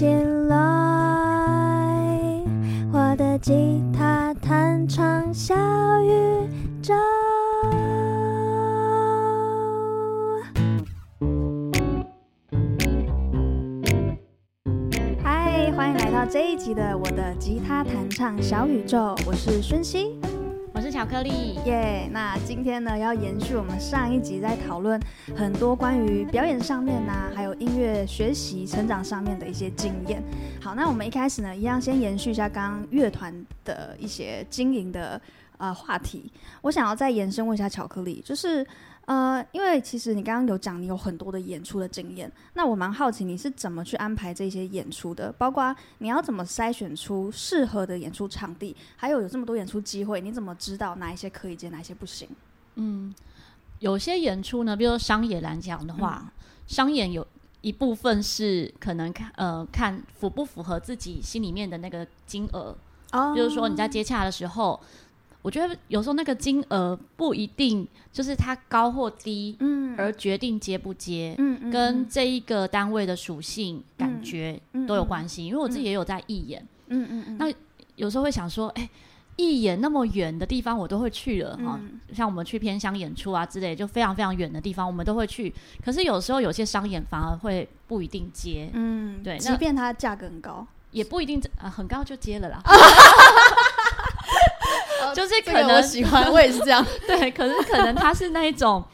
起來，我的吉他彈唱小宇宙！嗨，歡迎來到這一集的《我的吉他彈唱小宇宙》，我是孫熙，我是巧克力耶。Yeah, 那今天呢，要延續我們上一集在討論很多關於表演上面呢、啊，還有。樂學習成長上面的一些經驗。好，那我們一開始呢，一樣先延續一下剛剛樂團的一些經營的啊話題。我想要再延伸問一下巧克力，就是呃，因為其實你剛剛有講你有很多的演出的經驗，那我蠻好奇你是怎麼去安排這些演出的？包括你要怎麼篩選出適合的演出場地？還有有這麼多演出機會，你怎麼知道哪一些可以接，哪一些不行？嗯，有些演出呢，比如說商演來講的話，嗯、商演有。一部分是可能看呃看符不符合自己心裡面的那個金額，oh、就是說你在接洽的時候，我覺得有時候那個金額不一定就是它高或低，而決定接不接，嗯、跟這一個單位的屬性感覺都有關係，嗯、因為我自己也有在義演，嗯嗯嗯，那有時候會想說，哎、欸。一眼那麼遠的地方，我都會去了哈。嗯、像我們去偏鄉演出啊之類，就非常非常遠的地方，我們都會去。可是有時候有些商演反而會不一定接，嗯，對，那即便它價格很高，也不一定啊、呃，很高就接了啦。就是可能喜歡，我也是這樣。 對，可是可能它是那一種，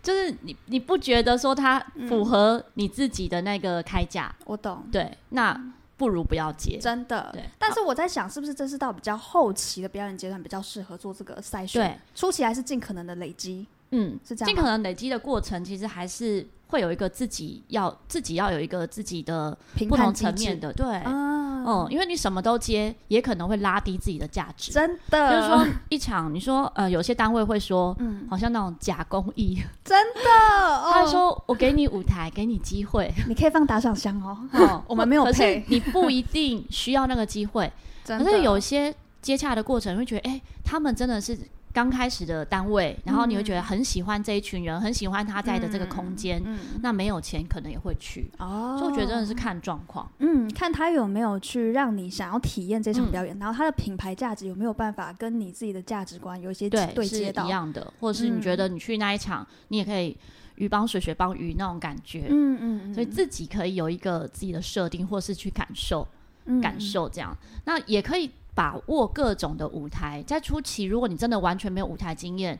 就是你你不覺得說它符合你自己的那個開價？嗯、對我懂。對，那。不如不要接，真的。對，但是我在想，是不是這是到比較後期的表演階段比較適合做這個篩選？對，初期還是盡可能的累積。嗯，是這樣。盡可能累積的過程，其實還是會有一個自己要自己要有一個自己的不同層面的，對、嗯嗯，因為你什麼都接，也可能會拉低自己的價值。真的，就是說一場，你說呃，有些單位會說，嗯，好像那種假公益。真的，哦、他說我給你舞台，給你機會，你可以放打賞箱哦。哦， 我們 沒有配。你不一定需要那個機會。真的。可是有些接洽的過程會覺得，哎、欸，他們真的是。剛開始的單位，然後你會覺得很喜歡這一群人，嗯、很喜歡他在的這個空間。嗯嗯、那沒有錢可能也會去哦，就覺得真的是看狀況。嗯，看他有沒有去讓你想要體驗這場表演，嗯、然後他的品牌價值有沒有辦法跟你自己的價值觀有一些對接到。對，是一樣的。嗯、或者是你覺得你去那一場，嗯、你也可以魚幫水水幫魚那種感覺。嗯嗯。嗯，所以自己可以有一個自己的設定，或是去感受、嗯、感受這樣。那也可以。把握各種的舞台，在初期，如果你真的完全沒有舞台經驗，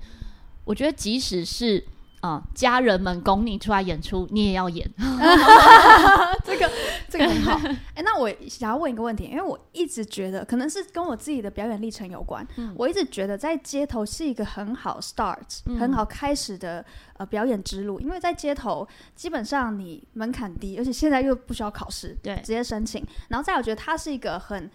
我覺得即使是啊、呃，家人們拱你出來演出，你也要演。這個這個很好。哎、欸，那我想要問一個問題，因為我一直覺得，可能是跟我自己的表演歷程有關。嗯、我一直覺得在街頭是一個很好 start、嗯、很好開始的呃表演之路，因為在街頭基本上你門檻低，而且現在又不需要考試，對，直接申請。然後再，我覺得它是一個很。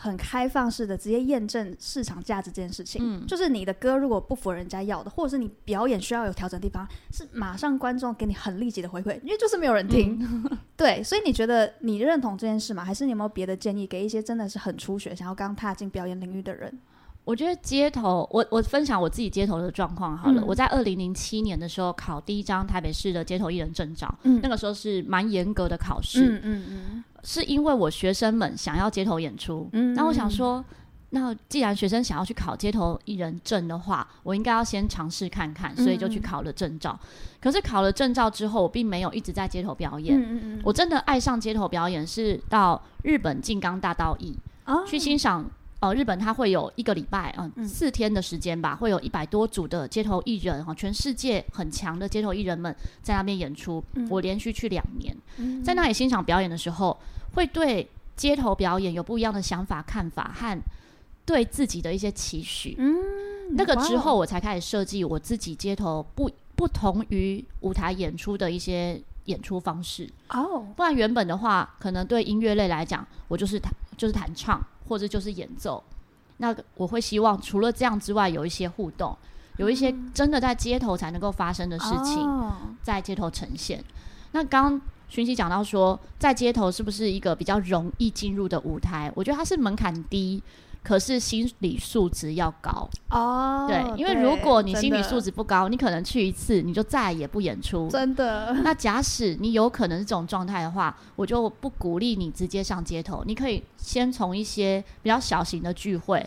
很開放式的，直接驗證市場價值這件事情，嗯、就是你的歌如果不符合人家要的，或者是你表演需要有調整的地方，是馬上觀眾給你很立即的回饋，因為就是沒有人聽，嗯、 對，所以你覺得你認同這件事嗎？還是你有沒有別的建議給一些真的是很初學想要剛踏進表演領域的人？我覺得街頭，我我分享我自己街頭的狀況好了。嗯、我在二零零七年的時候考第一張台北市的街頭藝人證照，嗯、那個時候是蠻嚴格的考試。嗯嗯嗯是因為我學生們想要街頭演出，那、嗯嗯、我想說，那既然學生想要去考街頭藝人證的話，我應該要先嘗試看看，所以就去考了證照。嗯嗯可是，考了證照之後，我並沒有一直在街頭表演。嗯嗯嗯我真的愛上街頭表演，是到日本靜岡大道藝、哦、去欣賞。哦，日本它會有一個禮拜，呃、嗯，四天的時間吧，會有一百多組的街頭藝人、哦、全世界很強的街頭藝人們在那邊演出。嗯、我連續去兩年，嗯、在那裡欣賞表演的時候，會對街頭表演有不一樣的想法、看法和對自己的一些期許。嗯、那個之後我才開始設計我自己街頭不、哦、不，不同於舞台演出的一些演出方式。哦，不然原本的話，可能對音樂類來講，我就是彈就是彈唱。或者就是演奏，那我會希望除了這樣之外，有一些互動，嗯、有一些真的在街頭才能夠發生的事情，在街頭呈現。哦、那剛剛薰希講到說，在街頭是不是一個比較容易進入的舞台？我覺得它是門檻低。可是心理素質要高哦，oh, 對，對，因為如果你心理素質不高，的你可能去一次你就再也不演出。真的，那假使你有可能是這種狀態的話，我就不鼓勵你直接上街頭。你可以先從一些比較小型的聚會。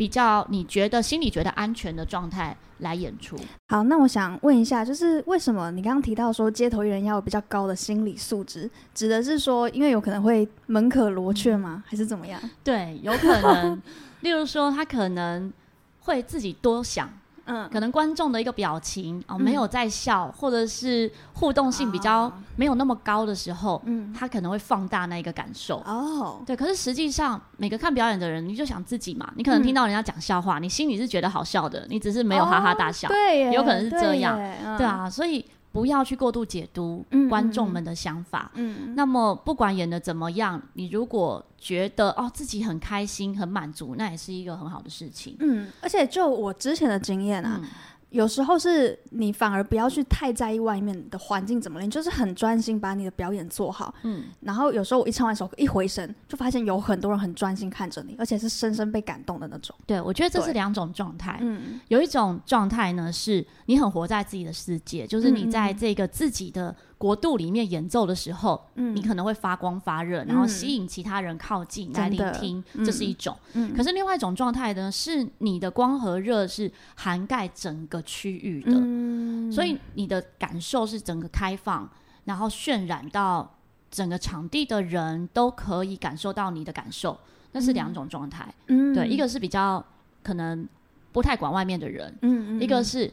比較你覺得心裡覺得安全的狀態來演出。好，那我想問一下，就是為什麼你剛剛提到說街頭藝人要有比較高的心理素質？指的是說，因為有可能會門可羅雀嗎？嗯、還是怎麼樣？對，有可能， 例如說他可能會自己多想。嗯、可能觀眾的一個表情哦，沒有在笑，嗯、或者是互動性比較沒有那麼高的時候，啊、嗯，他可能會放大那一個感受哦。對，可是實際上每個看表演的人，你就想自己嘛，你可能聽到人家講笑話，嗯、你心裡是覺得好笑的，你只是沒有哈哈大笑，哦、對，有可能是這樣，對，嗯、對啊，所以。不要去過度解讀、嗯、觀眾們的想法。嗯、那麼不管演得怎麼樣，嗯、你如果覺得哦自己很開心、很滿足，那也是一個很好的事情。嗯、而且就我之前的經驗啊。嗯有時候是你反而不要去太在意外面的環境怎麼了，你就是很專心把你的表演做好。嗯，然後有時候我一唱完首歌，一回神就發現有很多人很專心看着你，而且是深深被感動的那種。對，我覺得這是兩種狀態。嗯，有一種狀態呢是你很活在自己的世界，就是你在這個自己的、嗯。國度裡面演奏的時候，嗯、你可能會發光發熱，然後吸引其他人靠近、嗯、來聆聽，真的、這是一種。嗯嗯、可是另外一種狀態呢，是你的光和熱是涵蓋整個區域的，嗯、所以你的感受是整個開放，然後渲染到整個場地的人都可以感受到你的感受，那是兩種狀態。嗯、對，嗯、一個是比較可能不太管外面的人，嗯嗯、一個是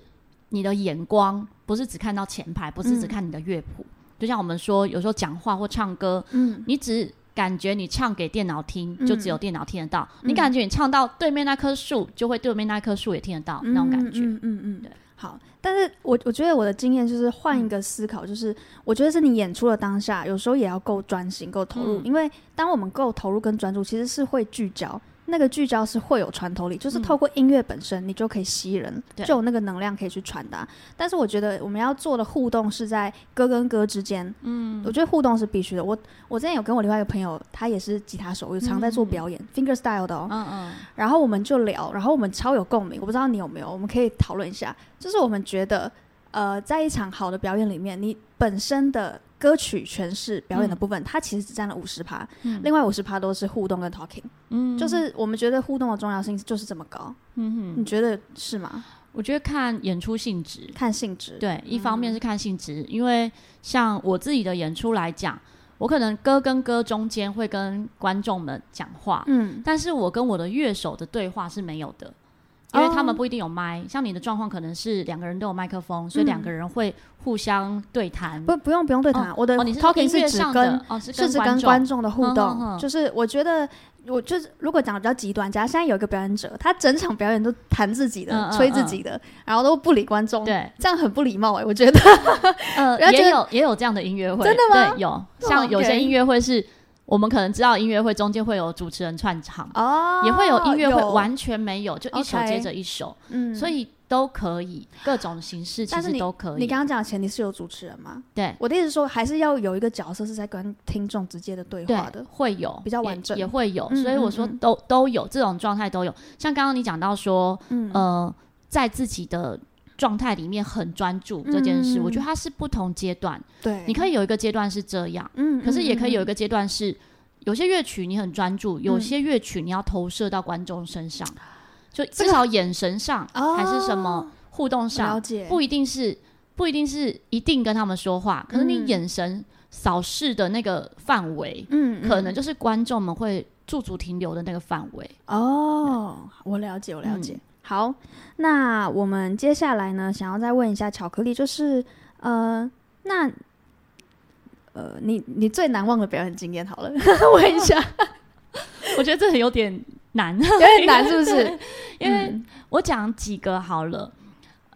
你的眼光，不是只看到前排，不是只看你的樂譜。嗯、就像我們說，有時候講話或唱歌，嗯，你只感覺你唱給電腦聽，就只有電腦聽得到。嗯、你感覺你唱到對面那棵樹，就會對面那棵樹也聽得到那種感覺。嗯嗯嗯、嗯嗯嗯，對。好，但是我我覺得我的經驗就是換一個思考，就是、嗯、我覺得是你演出的當下，有時候也要夠專心、夠投入。嗯、因為當我們夠投入跟專注，其實是會聚焦。那個聚焦是會有穿透力，就是透過音樂本身，你就可以吸人，嗯、就有那個能量可以去傳達。對但是我覺得我們要做的互動是在歌跟歌之間。嗯，我覺得互動是必須的。我我之前有跟我另外一個朋友，他也是吉他手，有常在做表演，嗯嗯、finger style 的哦。嗯嗯，然後我們就聊，然後我們超有共鳴。我不知道你有沒有，我們可以討論一下，就是我們覺得，呃，在一場好的表演裡面，你本身的。歌曲詮釋、表演的部分，嗯、它其實只占了五十趴，嗯、另外五十趴都是互動跟 talking，嗯，就是我們覺得互動的重要性就是這麼高，嗯哼，你覺得是嗎？我覺得看演出性質，看性質，對，一方面是看性質，嗯、因為像我自己的演出來講，我可能歌跟歌中間會跟觀眾們講話，嗯，但是我跟我的樂手的對話是沒有的。因為他們不一定有麥，像你的狀況可能是兩個人都有麥克風，所以兩個人會互相對談。不，不用不用對談，我的 talking 是指跟觀眾的互動。就是我覺得，我就是如果講的比較極端，假如現在有一個表演者，他整場表演都彈自己的、吹自己的，然後都不理觀眾，對，這樣很不禮貌誒，我覺得。呃，也有也有這樣的音樂會，真的嗎？有，像有些音樂會是。我們可能知道音樂會中間會有主持人串場，Oh, 也會有音樂會有完全沒有，就一首接着一首，Okay, 嗯，所以都可以，各種形式其實都可以。你剛剛講的前提是有主持人嗎？對，我的意思是說還是要有一個角色是在跟聽眾直接的對話的，會有比較完整也，也會有，所以我說都嗯嗯嗯都有這種狀態都有。像剛剛你講到說，嗯、呃，在自己的。狀態裡面很專注這件事，我覺得它是不同階段。對，你可以有一個階段是這樣，嗯，可是也可以有一個階段是，有些樂曲你很專注，有些樂曲你要投射到觀眾身上，就至少眼神上還是什麼互動上，了解，不一定是，不一定是一定跟他們說話，可是你眼神掃視的那個範圍，嗯，可能就是觀眾們會駐足停留的那個範圍。哦，我了解，我了解。好，那我們接下來呢，想要再問一下巧克力，就是，呃，那，呃，你你最難忘的表演經驗好了，呵呵，問一下。 我覺得這有點難，有點難，是不是 ？因為我講幾個好了，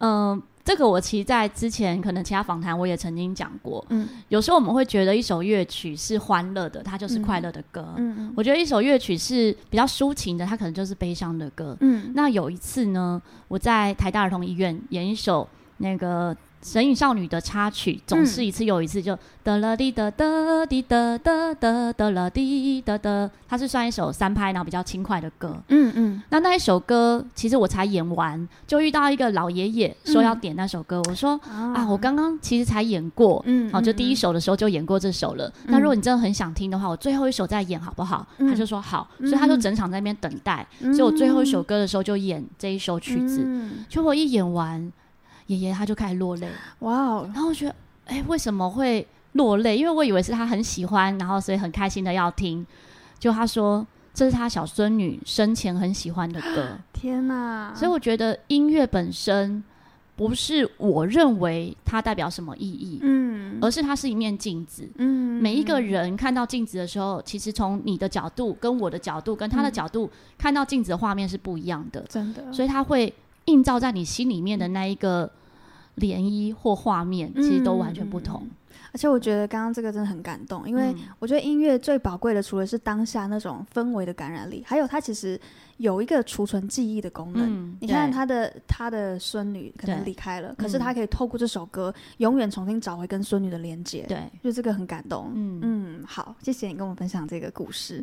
嗯。呃這個我其實在之前可能其他訪談我也曾經講過，嗯，有時候我們會覺得一首樂曲是歡樂的，它就是快樂的歌。嗯。嗯嗯，我覺得一首樂曲是比較抒情的，它可能就是悲傷的歌。嗯，那有一次呢，我在台大兒童醫院演一首那個。神隱少女的插曲總是一次又一次，就噠啦滴噠得滴得得得得啦滴得得。它是算一首三拍，然後比較輕快的歌。嗯嗯。那那一首歌，其實我才演完，就遇到一個老爺爺說要點那首歌。我說啊，我剛剛其實才演過，嗯，好，就第一首的時候就演過這首了。那如果你真的很想聽的話，我最後一首再演好不好？他就說好，所以他就整場在那邊等待。所以我最後一首歌的時候就演這一首曲子。就我一演完，爺爺他就開始落淚，哇哦！然後我覺得，誒、欸，為什麼會落淚？因為我以為是他很喜歡，然後所以很開心的要聽。就他說，這是他小孫女生前很喜歡的歌。天哪！所以我覺得音樂本身不是我認為它代表什麼意義，嗯，而是它是一面鏡子。嗯、嗯、嗯，每一個人看到鏡子的時候，其實從你的角度、跟我的角度、跟他的角度、嗯、看到鏡子的畫面是不一樣的。真的，所以他會。映照在你心裡面的那一個漣漪或畫面，其實都完全不同。嗯嗯、而且我覺得剛剛這個真的很感動，因為我覺得音樂最寶貴的，除了是當下那種氛圍的感染力，還有它其實有一個儲存記憶的功能。嗯、你看他的他對的孫女可能離開了，對可是他可以透過這首歌，永遠重新找回跟孫女的連接。對，就這個很感動。嗯，嗯，好，謝謝你跟我分享這個故事。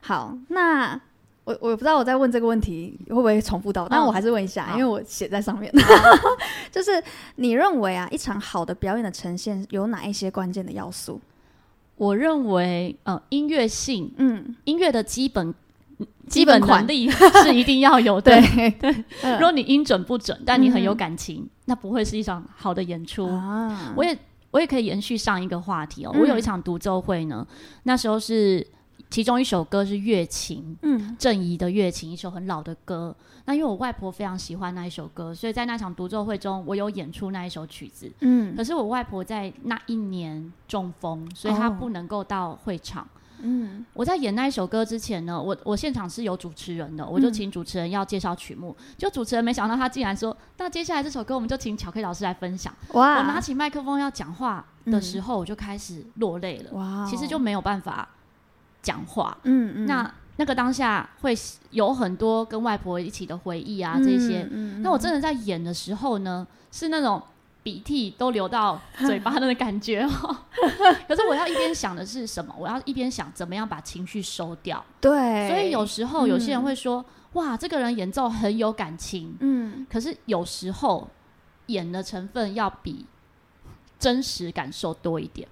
好，那。我我不知道我在問這個問題會不會重複到，啊、但我還是問一下，好因為我寫在上面。 就是你認為啊，一場好的表演的呈現有哪一些關鍵的要素？我認為，呃，音樂性，嗯，音樂的基本基本能力基本款 是一定要有的。對 對，如 果你音準不準，但你很有感情，嗯、那不會是一場好的演出啊。我也我也可以延續上一個話題哦，嗯、我有一場獨奏會呢，那時候是。其中一首歌是《月琴》，嗯，鄭怡的《月琴》，一首很老的歌。那因為我外婆非常喜歡那一首歌，所以在那場獨奏會中，我有演出那一首曲子。嗯，可是我外婆在那一年中風，所以她不能夠到會場。哦、嗯，我在演那一首歌之前呢，我我現場是有主持人的，我就請主持人要介紹曲目。嗯、就主持人沒想到他竟然說：“那接下來這首歌，我們就請巧克力老師來分享。”哇！我拿起麥克風要講話的時候，嗯、我就開始落淚了。哇、哦！其實就沒有辦法。講話嗯，嗯，那那個當下會有很多跟外婆一起的回憶啊，嗯、這些，嗯、那我真的在演的時候呢，嗯、是那種鼻涕都流到嘴巴的感覺哦。 可是我要一邊想的是什麼？ 我要一邊想怎麼樣把情緒收掉。對，所以有時候有些人會說，嗯、哇，這個人演奏很有感情，嗯，可是有時候演的成分要比真實感受多一點。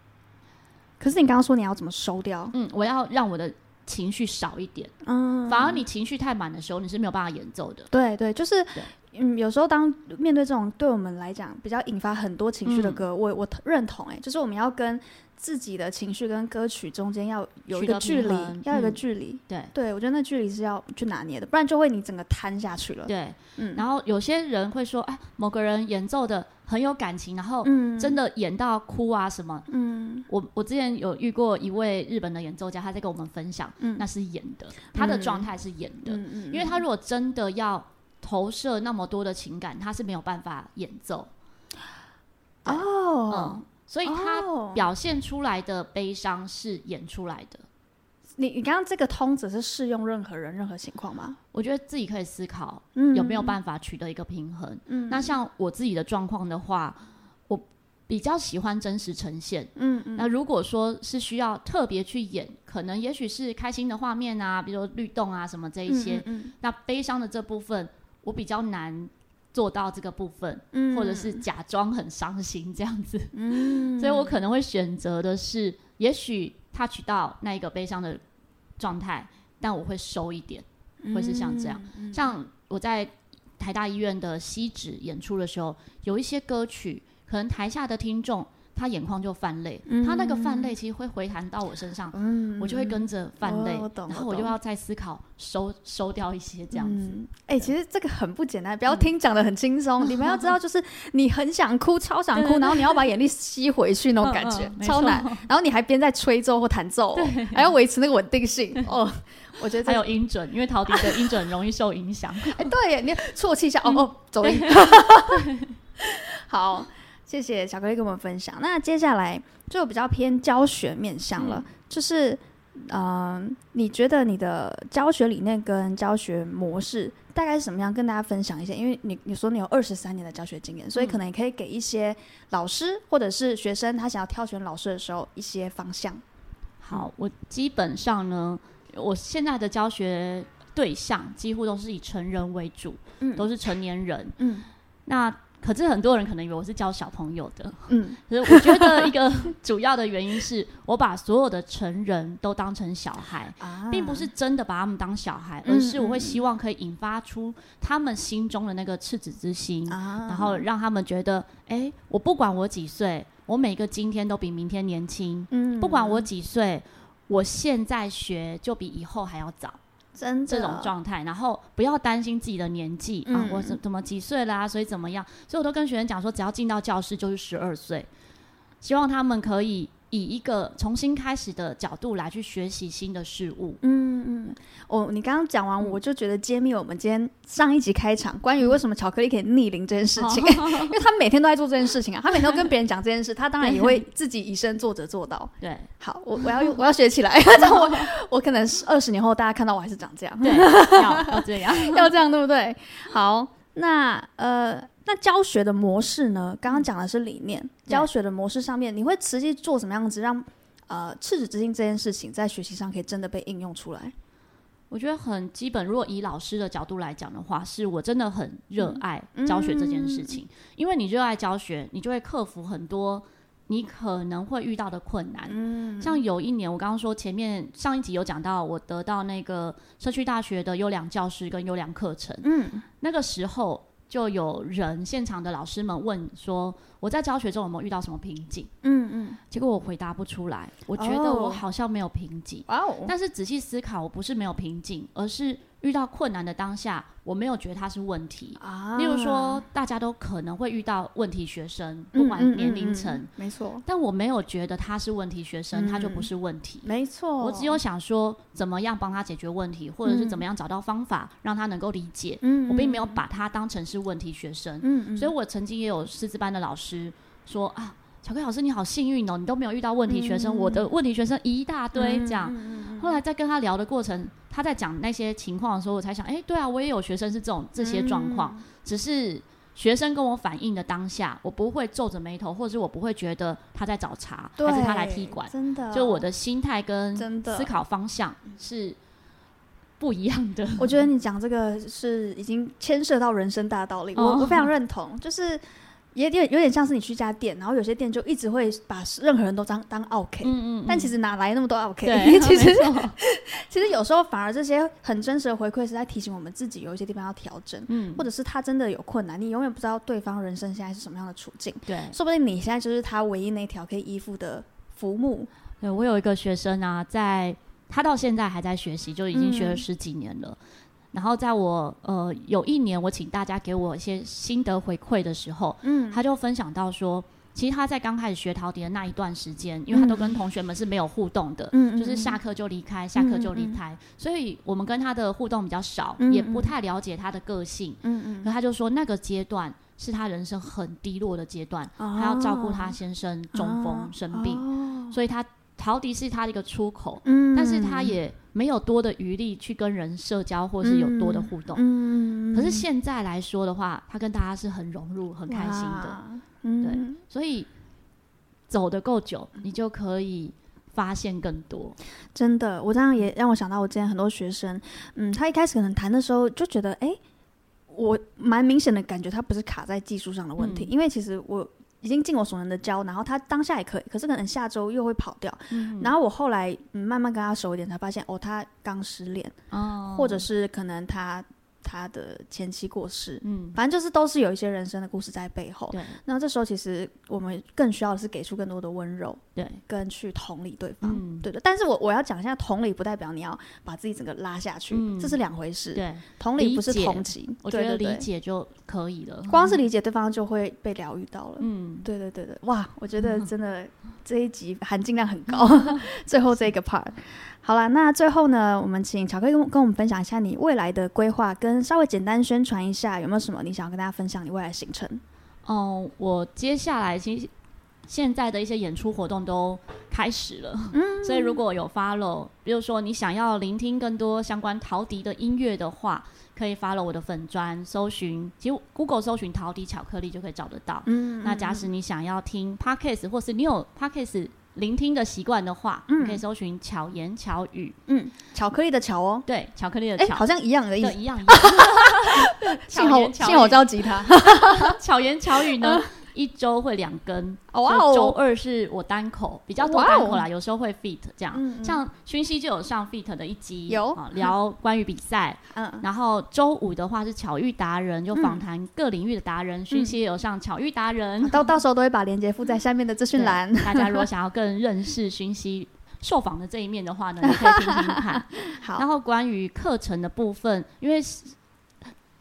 可是你剛剛說你要怎麼收掉？嗯，我要讓我的情緒少一點。嗯，反而你情緒太滿的時候，你是沒有辦法演奏的。對對，就是，對，嗯，有時候當面對這種對我們來講比較引發很多情緒的歌，嗯，我我認同哎，欸，就是我們要跟。自己的情緒跟歌曲中間要有個距離，有一要有一個距離。嗯、對，對我覺得那距離是要去拿捏的，不然就會你整個癱下去了。對，嗯、然後有些人會說，哎，某個人演奏的很有感情，然後真的演到哭啊什麼。嗯。我我之前有遇過一位日本的演奏家，他在跟我們分享，嗯、那是演的，嗯、他的狀態是演的，嗯、因為他如果真的要投射那麼多的情感，他是沒有辦法演奏。哦。所以他表現出來的悲傷是演出來的。你你剛剛這個通則是適用任何人任何情況嗎？我覺得自己可以思考有沒有辦法取得一個平衡。那像我自己的狀況的話，我比較喜歡真實呈現。那如果說是需要特別去演，可能也許是開心的畫面啊，比如說律動啊什麼這一些。那悲傷的這部分，我比較難。做到這個部分，或者是假裝很傷心這樣子，嗯、 所以我可能會選擇的是，也許他取到那一個悲傷的狀態，但我會收一點，會是像這樣，嗯嗯、像我在台大醫院的西址演出的時候，有一些歌曲，可能台下的聽眾。他眼眶就泛淚，他那個泛淚其實會回彈到我身上，我就會跟着泛淚，然後我就要再思考收收掉一些這樣子。哎，其實這個很不簡單，不要聽講得很輕鬆。你們要知道，就是你很想哭，超想哭，然後你要把眼淚吸回去那種感覺，超難。然後你還邊在吹奏或彈奏，還要維持那個穩定性。哦，我覺得還有音準，因為陶笛的音準容易受影響。哎，對，你啜泣一下，哦哦，走音。好。謝謝巧克力跟我們分享。那接下來就比較偏教學面向了，嗯、就是嗯、呃，你覺得你的教學理念跟教學模式大概是什麼樣？跟大家分享一些，因為你你說你有二十三年的教學經驗，所以可能也可以給一些老師、嗯、或者是學生，他想要挑選老師的時候一些方向。好，我基本上呢，我現在的教學對象幾乎都是以成人為主，嗯，都是成年人，嗯，那。可是很多人可能以為我是教小朋友的，嗯，可是我覺得一個主要的原因是 我把所有的成人都當成小孩，啊、並不是真的把他們當小孩，嗯、而是我會希望可以引發出他們心中的那個赤子之心，嗯、然後讓他們覺得，哎，我不管我幾歲，我每個今天都比明天年輕，嗯，不管我幾歲，我現在學就比以後還要早。真的哦、這種狀態，然後不要擔心自己的年紀、嗯、啊，我怎麼幾歲了啊？所以怎麼樣？所以我都跟學生講說，只要進到教室就是十二歲，希望他們可以。以一個重新開始的角度來去學習新的事物。嗯嗯，我、嗯哦、你剛剛講完，我就覺得揭秘我們今天上一集開場關於為什麼巧克力可以逆齡這件事情， 因為他每天都在做這件事情啊，他每天都跟別人講這件事， 他當然也會自己以身作則做到。對，好，我我要我要學起來，這 樣我我可能是二十年後大家看到我還是長這樣，對，要 要這樣， 要這樣對不對？好，那呃。那教學的模式呢？剛剛講的是理念，嗯、教學的模式上面，你會實際做什麼樣子，Yeah. 讓呃“赤子之心”這件事情在學習上可以真的被應用出來？我覺得很基本。如果以老師的角度來講的話，是我真的很熱愛教學這件事情，嗯嗯、因為你熱愛教學，你就會克服很多你可能會遇到的困難。嗯、像有一年我剛剛說前面上一集有講到，我得到那個社區大學的優良教師跟優良課程。嗯，那個時候。就有人現場的老師們問說：“我在教學中有沒有遇到什麼瓶頸？嗯，”嗯嗯，結果我回答不出來。我覺得，oh. 我好像沒有瓶頸，oh. 但是仔細思考，我不是沒有瓶頸，而是。遇到困難的當下，我沒有覺得他是問題啊。例如說，大家都可能會遇到問題學生，嗯嗯嗯嗯，不管年齡層、嗯嗯嗯，沒錯。但我沒有覺得他是問題學生，嗯嗯，他就不是問題。沒錯，我只有想說，怎麼樣幫他解決問題，或者是怎麼樣找到方法、嗯、讓他能夠理解。嗯，嗯，嗯，我並沒有把他當成是問題學生。嗯，嗯，所以我曾經也有師資班的老師說啊。小葵老師，你好幸運哦，你都沒有遇到問題學生，嗯、我的問題學生一大堆。這樣、嗯，嗯、後來在跟他聊的過程，他在講那些情況的時候，我才想，哎、欸，對啊，我也有學生是這種這些狀況，嗯、只是學生跟我反映的當下，我不會皺着眉頭，或者是我不會覺得他在找茬，對還是他來踢館，真的，就我的心態跟真的思考方向是不一樣的。真的。我覺得你講這個是已經牽涉到人生大道理，我、哦、我非常認同，就是。也有有點像是你去家店，然後有些店就一直會把任何人都當當 OK，嗯嗯嗯、但其實哪來那麼多 OK？對其實錯其實有時候反而這些很真實的回饋是在提醒我們自己有一些地方要調整，嗯、或者是他真的有困難，你永遠不知道對方人生現在是什麼樣的處境，對，說不定你現在就是他唯一那條可以依附的浮木。對，我有一個學生啊，在他到現在還在學習，就已經學了十幾年了。嗯然後在我呃有一年，我請大家給我一些心得回饋的時候，嗯，他就分享到說，其實他在剛開始學陶笛的那一段時間，嗯嗯因為他都跟同學們是沒有互動的，嗯、嗯、嗯，就是下課就離開，下課就離開，嗯嗯嗯所以我們跟他的互動比較少，嗯嗯也不太了解他的個性，嗯嗯，可他就說那個階段是他人生很低落的階段，哦、他要照顧他先生中風生病，哦哦、所以他。陶笛是他的一個出口，嗯，但是他也沒有多的餘力去跟人社交或是有多的互動，嗯嗯、可是現在來說的話，他跟大家是很融入、很開心的，哇對，嗯、所以走得夠久，你就可以發現更多。真的，我這樣也讓我想到我之前很多學生，嗯，他一開始可能談的時候就覺得，誒、欸，我蠻明顯的感覺他不是卡在技術上的問題，嗯、因為其實我。已經盡我所能的教，然後他當下也可以，可是可能下週又會跑掉。嗯、然後我後來、嗯、慢慢跟他熟一點，才發現哦，他剛失戀，哦、或者是可能他。他的前妻過世，嗯，反正就是都是有一些人生的故事在背後。對，那這時候其實我們更需要的是給出更多的溫柔，對，跟去同理對方，對的。但是我我要講一下，同理不代表你要把自己整個拉下去，這是兩回事。對，同理不是同情，我覺得理解就可以了。光是理解對方就會被療癒到了。嗯，對對對對，哇，我覺得真的這一集含金量很高，最後這個 part。好啦，那最後呢，我們請巧克力跟,跟我們分享一下你未來的規劃，跟稍微簡單宣傳一下，有沒有什麼你想要跟大家分享你未來行程？嗯、哦，我接下來其實現在的一些演出活動都開始了，嗯，所以如果有 follow，比如說你想要聆聽更多相關陶笛的音樂的話，可以 follow 我的粉專，搜尋其實 Google 搜尋陶笛巧克力就可以找得到，嗯,嗯，那假使你想要聽 Podcast 或是你有 Podcast。聆聽的習慣的話，嗯，可以搜尋巧言巧語，嗯，巧克力的巧哦，對，巧克力的巧，欸，好像一樣的意思，對，一樣一樣。幸好幸好我着急他， 巧言巧語呢。 一周會兩更，然後周二是我單口比較多單口啦，有時候會 fit 這樣，像薰希就有上 fit 的一集，有啊聊關於比賽，嗯，然後周五的話是巧遇達人，就訪談各領域的達人，薰希也有上巧遇達人，到到時候都會把鏈接附在下面的資訊欄，大家如果想要更認識薰希受訪的這一面的話呢，你可以聽聽看，好，然後關於課程的部分，因為。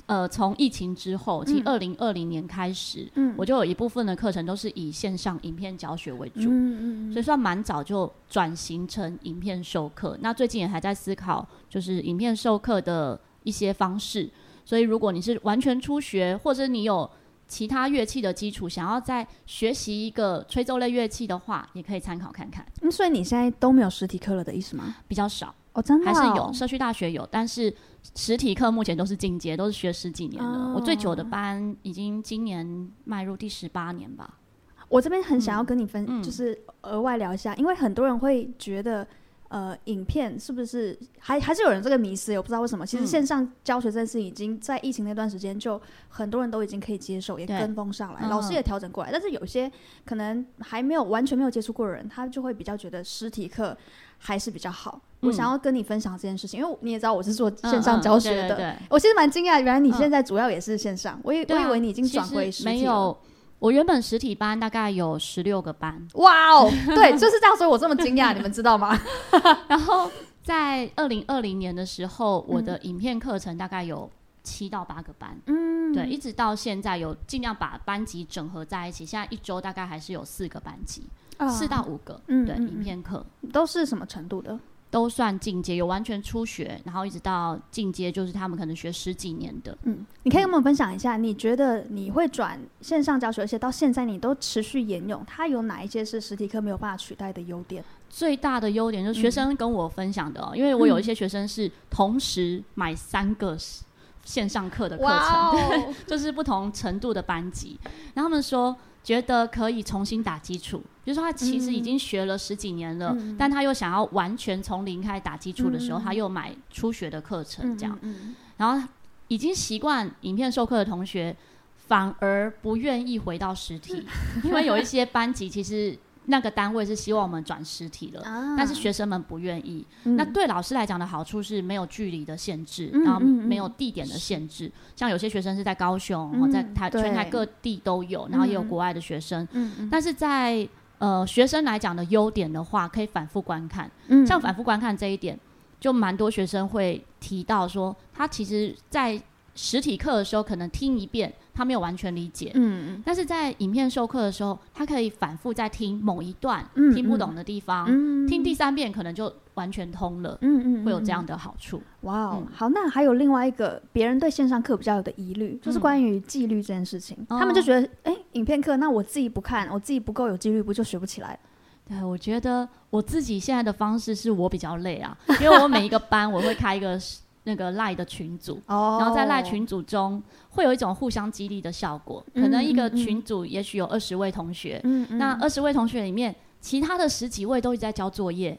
呃，從疫情之後，其實二零二零年開始，嗯、我就有一部分的課程都是以線上影片教學為主，嗯、所以算蠻早就轉型成影片授課。那最近也還在思考，就是影片授課的一些方式。所以如果你是完全初學，或者你有其他樂器的基礎，想要再學習一個吹奏類樂器的話，也可以參考看看、嗯。所以你現在都沒有實體課了的意思嗎？嗯、比較少。哦，真的哦、還是有社區大學有，但是實體課目前都是進階，都是學十幾年的。哦、我最久的班已經今年邁入第十八年吧。我這邊很想要跟你分，嗯、就是額外聊一下，嗯、因為很多人會覺得。呃，影片是不是還還是有人這個迷思？我不知道為什麼。其實線上教學這件事已經在疫情那段時間就很多人都已經可以接受，嗯、也跟風上來，對老師也調整過來。嗯、但是有些可能還沒有完全沒有接觸過的人，他就會比較覺得實體課還是比較好。嗯、我想要跟你分享這件事情，因為你也知道我是做線上教學的，嗯嗯、對對對，我其實蠻驚訝，原來你現在主要也是線上，我以我以為你已經轉回實體了。我原本實體班大概有十六個班。哇哦，對，就是這樣，所以，我這麼驚訝， 你們知道嗎？ 然後，在二零二零年的時候，嗯、我的影片課程大概有七到八個班，嗯，對，一直到現在有盡量把班級整合在一起，現在一周大概還是有四個班級，四、啊、到五個，嗯，對，嗯嗯嗯，影片課都是什麼程度的？都算進階，有完全初學，然後一直到進階，就是他們可能學十幾年的。嗯，你可以跟我們分享一下，你覺得你會轉線上教學，而且到現在你都持續沿用，它有哪一些是實體課沒有辦法取代的優點？最大的優點就是學生跟我分享的，喔，嗯，因為我有一些學生是同時買三個線上課的課程，哦對，就是不同程度的班級，然後他們說。覺得可以重新打基礎，比、就、如、是、說他其實已經學了十幾年了，嗯嗯、但他又想要完全從零開始打基礎的時候，嗯、他又買初學的課程這樣。嗯嗯嗯、然後已經習慣影片授課的同學，反而不願意回到實體，嗯、因為有一些班級其實那個單位是希望我們轉實體了，啊、但是學生們不願意。嗯、那對老師來講的好處是沒有距離的限制，嗯、然後沒有地點的限制。嗯嗯、像有些學生是在高雄，然後、嗯喔、在台對全台各地都有，然後也有國外的學生。嗯、但是在呃學生來講的優點的話，可以反復觀看。嗯、像反復觀看這一點，就蠻多學生會提到說，他其實在。實體課的時候，可能聽一遍，他沒有完全理解。嗯嗯，但是在影片授課的時候，他可以反覆再聽某一段，嗯嗯，聽不懂的地方，嗯、聽第三遍可能就完全通了。嗯嗯嗯嗯，會有這樣的好處。哇哦 Wow,、嗯，好，那還有另外一個別人對線上課比較有的疑慮，嗯、就是關於紀律這件事情。嗯、他們就覺得，欸、影片課，那我自己不看，我自己不夠有紀律，不就學不起來？對，我覺得我自己現在的方式是我比較累啊， 因為我每一個班我會開一個。那個賴的群組，oh, 然後在賴群組中會有一種互相激勵的效果。嗯、可能一個群組也許有二十位同學，嗯嗯、那二十位同學裡面，其他的十幾位都一直在交作業，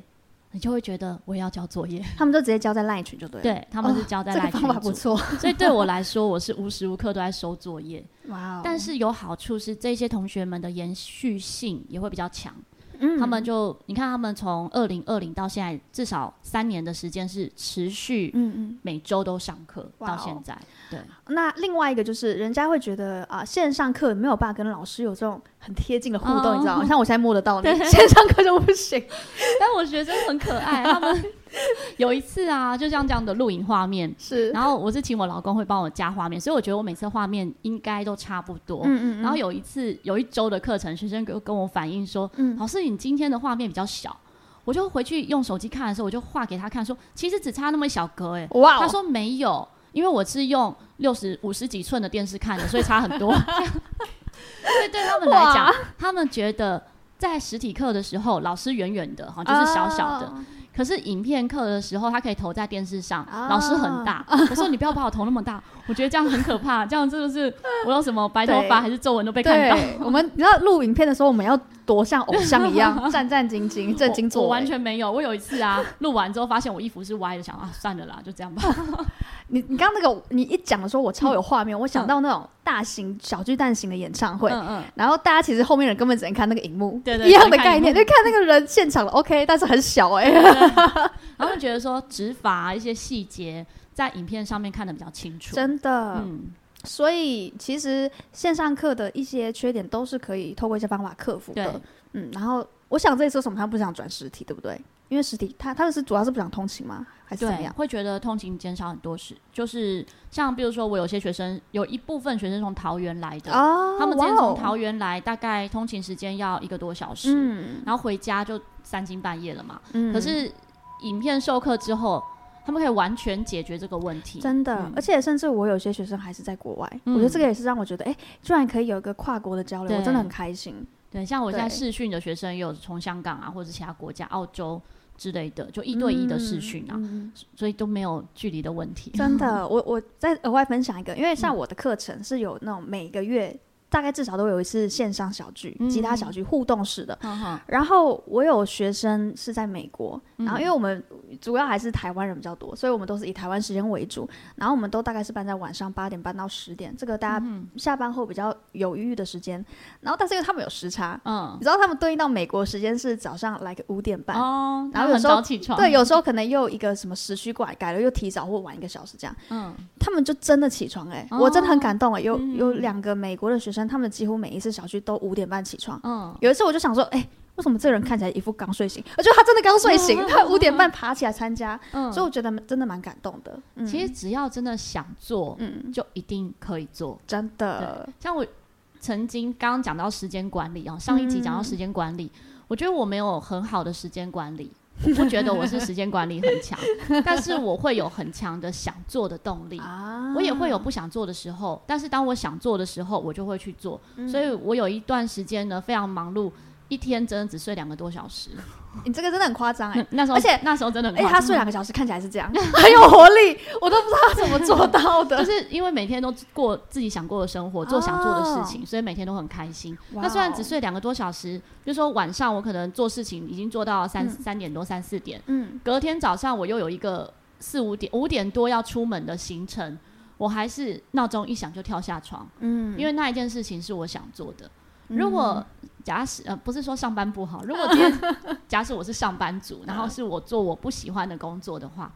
你就會覺得我也要交作業。他們都直接交在賴群就對了。對，他們是交在賴群還、oh, 方法不錯。所以對我來說，我是無時無刻都在收作業。哇 Wow！但是有好處是，這些同學們的延續性也會比較強。他們就你看，他們從二零二零到現在至少三年的時間是持續，每周都上課，嗯嗯、到現在。Wow 對，那另外一個就是，人家會覺得啊，呃、線上課沒有辦法跟老師有這種很貼近的互動，oh. 你知道嗎？像我現在摸得到你，對線上課就不行。 但我覺得真的很可愛， 他們。 有一次啊，就像這樣的錄影畫面是，然後我是請我老公會幫我加畫面，所以我覺得我每次畫面應該都差不多。嗯嗯。然後有一次有一週的課程，學生跟跟我反映說，嗯，老師你今天的畫面比較小，我就回去用手機看的時候，我就畫給他看說，其實只差那麼一小格哎、欸，哇 Wow！他說沒有，因為我是用六十、五十幾寸的電視看的，所以差很多。對，對他們來講，Wow 他們覺得在實體課的時候，老師遠遠的哈，就是小小的。Oh 可是影片課的時候，他可以投在電視上，老師很大。我說你不要把我投那麼大，我覺得這樣很可怕，這樣真的是我有什麼白頭髮還是皺紋都被看到。我們你知道錄影片的時候，我們要多像偶像一樣戰戰兢兢、正經做。我完全沒有，我有一次啊，錄完之後發現我衣服是歪的，想啊，算了啦，就這樣吧。你你剛剛那個你一講的時候，我超有畫面，嗯、我想到那種大型小巨蛋型的演唱會，嗯嗯、然後大家其實後面人根本只能看那個熒幕對對對，一樣的概念，看就看那個人現場的 o k 但是很小，哎、欸，他們 覺得說執法一些細節在影片上面看的比較清楚，真的，嗯，所以其實線上課的一些缺點都是可以透過一些方法克服的，對嗯，然後我想這一次我什麼他不想轉實體，對不對？因為實體他，他他們是主要是不想通勤嘛，還是怎麼樣？會覺得通勤減少很多事。就是像比如說，我有些學生，有一部分學生從桃園來的，oh, 他們今天從桃園來，大概通勤時間要一個多小時，嗯、然後回家就三更半夜了嘛。嗯、可是影片授課之後，他們可以完全解決這個問題，真的。嗯、而且甚至我有些學生還是在國外，嗯、我覺得這個也是讓我覺得，哎、欸，居然可以有一個跨國的交流，對我真的很開心。對，像我現在視訊的學生，也有從香港啊，或者其他國家、澳洲之類的，就一對一的視訊，啊，嗯、所以都沒有距離的問題。真的，我我再額外分享一個，因為像我的課程是有那種每個月。大概至少都有一次線上小聚，其他小聚、嗯、互動式的。然後我有學生是在美國，嗯、然後因為我們主要還是台灣人比較多，所以我們都是以台灣時間為主。然後我們都大概是辦在晚上八點半到十點，這個大家下班後比較有餘的時間。嗯、然後但是因為他們有時差，嗯、你知道他們對應到美國時間是早上來個五點半，哦、然後有時候很早起床對，有時候可能又一個什麼時區怪改了，又提早或晚一個小時這樣。嗯、他們就真的起床哎，欸，哦、我真的很感動哎，欸，有、嗯、有兩個美國的學生。他們幾乎每一次小聚都五點半起床。嗯，有一次我就想說，哎、欸，為什麼這個人看起來一副剛睡醒？而且他真的剛睡醒，嗯、他五點半爬起來參加。嗯，所以我覺得真的蠻感動的。嗯、其實只要真的想做，嗯，就一定可以做。真的，像我曾經剛剛講到時間管理啊，上一集講到時間管理，嗯、我覺得我沒有很好的時間管理。我不覺得我是時間管理很強， 但是我會有很強的想做的動力。啊、我也會有不想做的時候，但是當我想做的時候，我就會去做。嗯、所以我有一段時間呢，非常忙碌，一天真的只睡兩個多小時。你這個真的很誇張哎，那時候而且那時候真的哎、欸，他睡兩個小時、嗯、看起來是這樣， 很有活力，我都不知道他怎麼做到的。 就是因為每天都過自己想過的生活，做想做的事情，oh. 所以每天都很開心。Wow. 那雖然只睡兩個多小時，就是、說晚上我可能做事情已經做到三、嗯、三點多、三四點，嗯，隔天早上我又有一個四五點五點多要出門的行程，我還是鬧鐘一響就跳下床，嗯，因為那一件事情是我想做的，嗯、如果。假使，呃不是說上班不好，如果今天假使我是上班族，然後是我做我不喜歡的工作的話，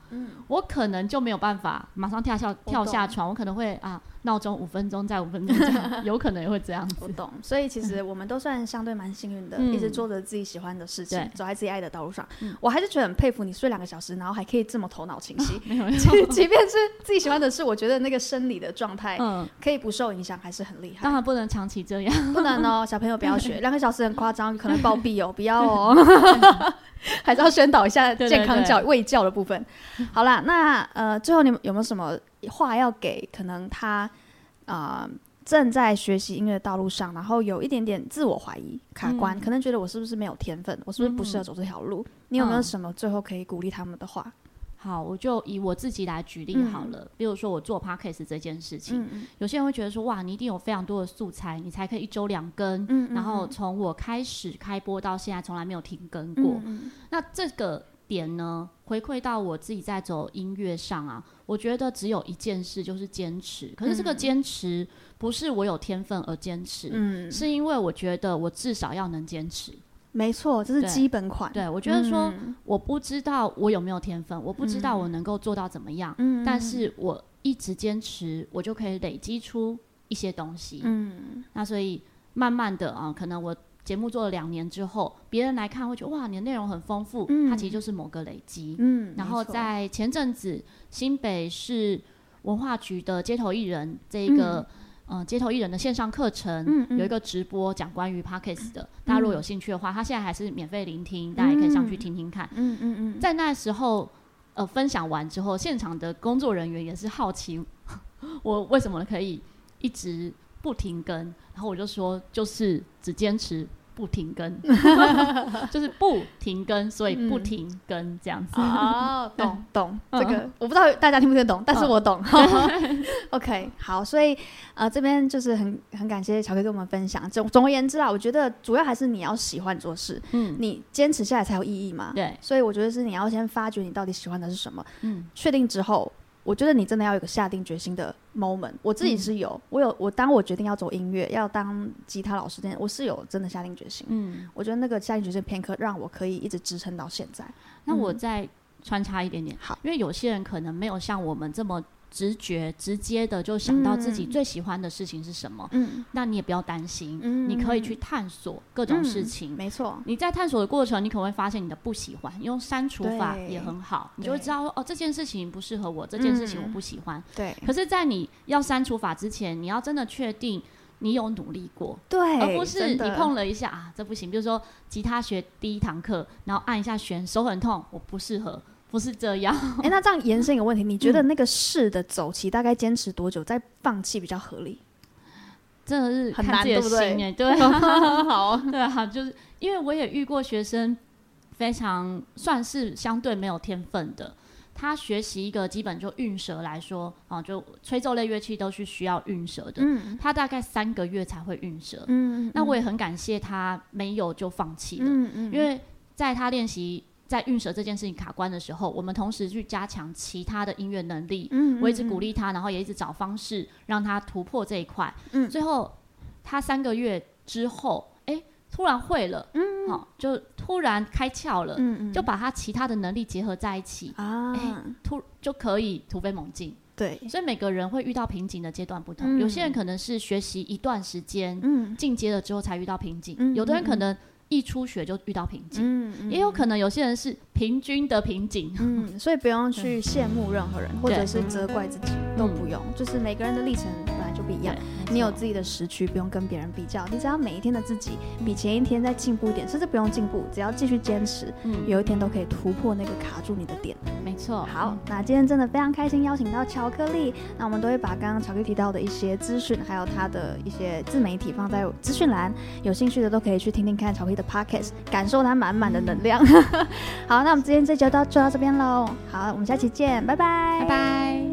我可能就沒有辦法馬上跳下跳下床，我可能會啊鬧鐘五分鐘再五分鐘這樣，有可能也會這樣子。我懂，所以其實我們都算相對蠻幸運的，一直做着自己喜歡的事情，走在自己愛的道路上。我還是覺得很佩服你睡兩個小時，然後還可以這麼頭腦清晰。沒有即便是自己喜歡的事，我覺得那個生理的狀態可以不受影響，還是很厲害。當然不能長期這樣，不能哦，小朋友不要學。兩個小教師很誇張，可能暴斃哦。 不要哦， 還是要宣導一下健康教、衛教的部分。好啦，那呃，最後你們有沒有什麼話要給可能他啊、呃、正在學習音樂的道路上，然後有一點點自我懷疑、卡關，嗯、可能覺得我是不是沒有天分，我是不是不適合走這條路？嗯嗯你有沒有什麼最後可以鼓勵他們的話？好，我就以我自己來舉例好了。嗯、比如說我做 podcast 這件事情，嗯、有些人會覺得說，哇，你一定有非常多的素材，你才可以一周兩更。嗯嗯嗯，然後從我開始開播到現在，從來沒有停更過。嗯嗯，那這個點呢，回饋到我自己在走音樂上啊，我覺得只有一件事就是堅持。可是這個堅持不是我有天分而堅持，嗯、是因為我覺得我至少要能堅持。沒錯，這是基本款。對、對，我覺得說，我不知道我有沒有天分，嗯、我不知道我能夠做到怎麼樣，嗯、但是我一直堅持，我就可以累積出一些東西，嗯，那所以慢慢的啊，可能我節目做了兩年之後，別人來看會覺得哇，你的內容很豐富，嗯、它其實就是某個累積，嗯，然後在前陣子新北市文化局的街頭藝人這個。嗯嗯，街頭藝人的線上課程，嗯嗯，有一個直播，講關於 Podcast 的。嗯、大家如果有興趣的話，他現在還是免費聆聽，大家也可以上去聽聽看。嗯嗯嗯，在那時候，呃，分享完之後，現場的工作人員也是好奇，我為什麼可以一直不停更，然後我就說，就是只堅持。不停更，就是不停更，所以不停更這樣子。哦，懂懂這個，我不知道大家聽不聽得懂，但是我懂。OK，好，所以呃，這邊就是很很感謝巧克跟我們分享。總總而言之啊，我覺得主要還是你要喜歡做事，你堅持下來才有意義嘛。對，所以我覺得是你要先發覺你到底喜歡的是什麼，嗯，確定之後。我覺得你真的要有個下定決心的 moment，我自己是有，嗯、我有我當我決定要走音樂，要當吉他老師，那我是有真的下定決心。嗯，我覺得那個下定決心片刻，讓我可以一直支撐到現在。那我再穿插一點點，好、嗯，因為有些人可能沒有像我們這麼。直覺直接的就想到自己最喜歡的事情是什麼？嗯，那你也不要擔心，嗯，你可以去探索各種事情，嗯、沒錯。你在探索的過程，你可能會發現你的不喜歡，用刪除法也很好，對你就會知道對哦，這件事情不適合我，這件事情我不喜歡。嗯、對。可是，在你要刪除法之前，你要真的確定你有努力過，對，而不是你碰了一下的啊，這不行。比如說吉他學第一堂課，然後按一下弦，手很痛，我不適合。不是這樣。哎、欸，那這樣延伸一個問題，你覺得那個試的走期大概堅持多久再放棄比較合理？嗯、真的是的、欸、很難對不對， 好，對啊，就是因為我也遇過學生，非常算是相對沒有天分的，他學習一個基本就運舌來說啊，就吹奏類樂器都是需要運舌的，嗯，他大概三個月才會運舌。嗯，那我也很感謝他沒有就放棄了，嗯，因為在他練習。在運舌這件事情卡關的時候，我們同時去加強其他的音樂能力。嗯嗯嗯，我一直鼓勵他，然後也一直找方式讓他突破這一塊。嗯、最後他三個月之後，哎、欸，突然會了。嗯，好、哦，就突然開竅了。嗯嗯，就把他其他的能力結合在一起啊，欸、突就可以突飛猛進。對，所以每個人會遇到瓶頸的階段不同，嗯嗯，有些人可能是學習一段時間，嗯，進階了之後才遇到瓶頸。嗯嗯嗯，有的人可能。一初學就遇到瓶頸，嗯嗯、也有可能有些人是平均的瓶頸，嗯，嗯所以不用去羨慕任何人，嗯、或者是責怪自己，對嗯、都不用，嗯、就是每個人的歷程。不一樣，你有自己的時區，不用跟別人比較。你只要每一天的自己比前一天再進步一點，甚至不用進步，只要繼續堅持，嗯，有一天都可以突破那個卡住你的點。沒錯。好，嗯、那今天真的非常開心邀請到巧克力，那我們都會把剛剛巧克力提到的一些資訊，還有他的一些自媒體放在資訊欄，有興趣的都可以去聽聽看巧克力的 p o c k e t 感受他滿滿的能量。嗯、 好，那我們今天這就,就到就到這邊嘍。好，我們下期見，拜拜，拜拜。